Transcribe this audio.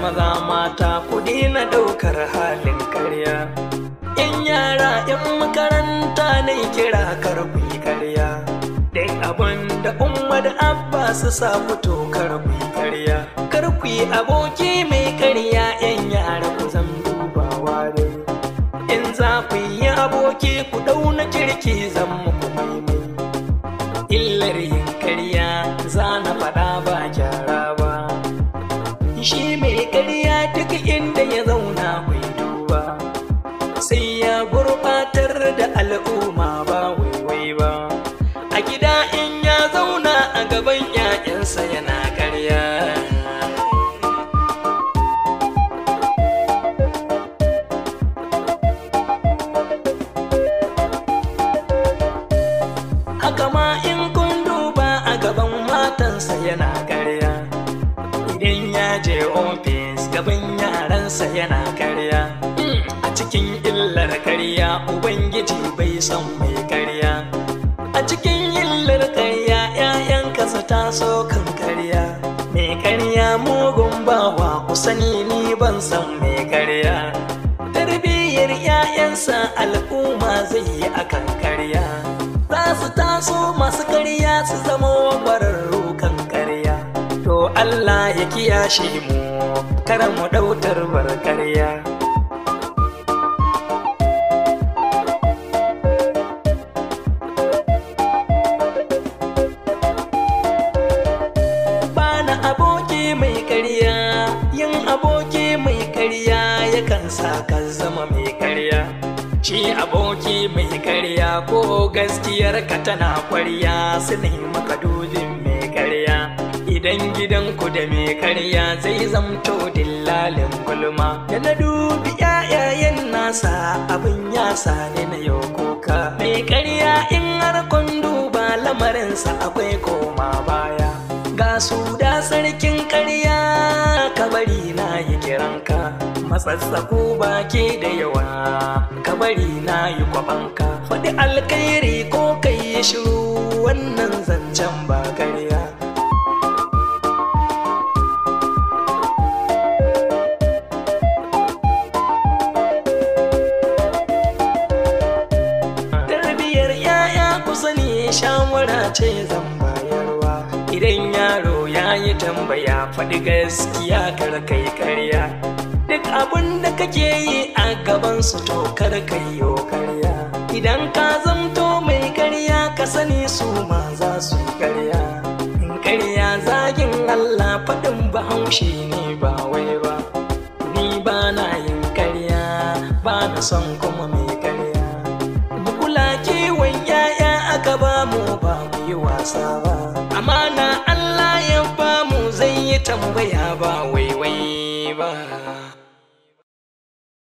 maza mata ku na ɗaukar halin karya yan yara yan makaranta ne kira kar ku yi karya dai abin da umma da abba su sa fito kar ku yi karya kar ku yi aboki mai karya yan yara ku zan dubawa dai in za ku yi aboki ku ɗauna kirki zan muku maimai illar yi mai ƙarya duk inda ya zauna mai duba sai ya gurbatar da al'umma ba waiwai ba a gida in ya zauna a gaban 'ya'yansa yana ƙarya haka ma in kun duba a gaban matansa yana ƙarya je ofis gaban yaransa yana karya a cikin illar karya ubangiji bai san mai karya a cikin illar karya 'ya'yan kasa so kan karya mai karya mugun bawa usani ni ban san mai karya tarbiyyar 'ya'yansa al'umma zai yi akan karya za su taso masu karya su zama wabarar Allah ya kiyashe mu kar mu ɗautar barkarya. Bana aboki mai karya, yin aboki mai karya yakan sa ka zama mai karya. Ci aboki mai karya ko gaskiyarka tana kwarya su maka dubin mai karya. idan ku da mai karya zai zamto dillalin gulma da na dubi yayayen nasa abin ya sani na yau kuka mai karya in har kun duba lamarinsa akwai koma baya ga su da sarkin karya kabari na yi kiranka matsatsaku ke da yawa kabari na yi kwabanka faɗi alkairi ko kai shiru wannan zancen ba karya kora ce zan bayarwa idan yaro ya yi tambaya faɗi gaskiya kar kai karya duk abin da kake yi a gaban su to kar kai yo karya idan ka zamto mai karya ka sani su ma za su karya in karya zagin Allah faɗin bahaushe ne ba wai amana Allah ya bamu zai yi tambaya ba